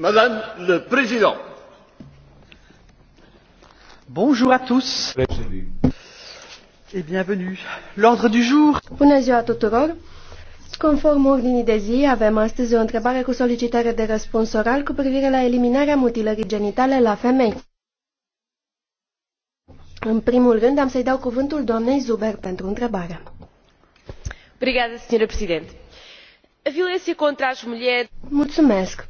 Madame Președinte, Bonjour à tous. Et bienvenue. L'ordre du jour. Bună ziua tuturor. Conform ordinii de zi, avem astăzi o întrebare cu solicitare de răspuns oral cu privire la eliminarea mutilării genitale la femei. În primul rând, am să-i dau cuvântul doamnei Zuber pentru întrebare. Obrigada, senhora Presidente. A violência contra as mulheres... Mulțumesc.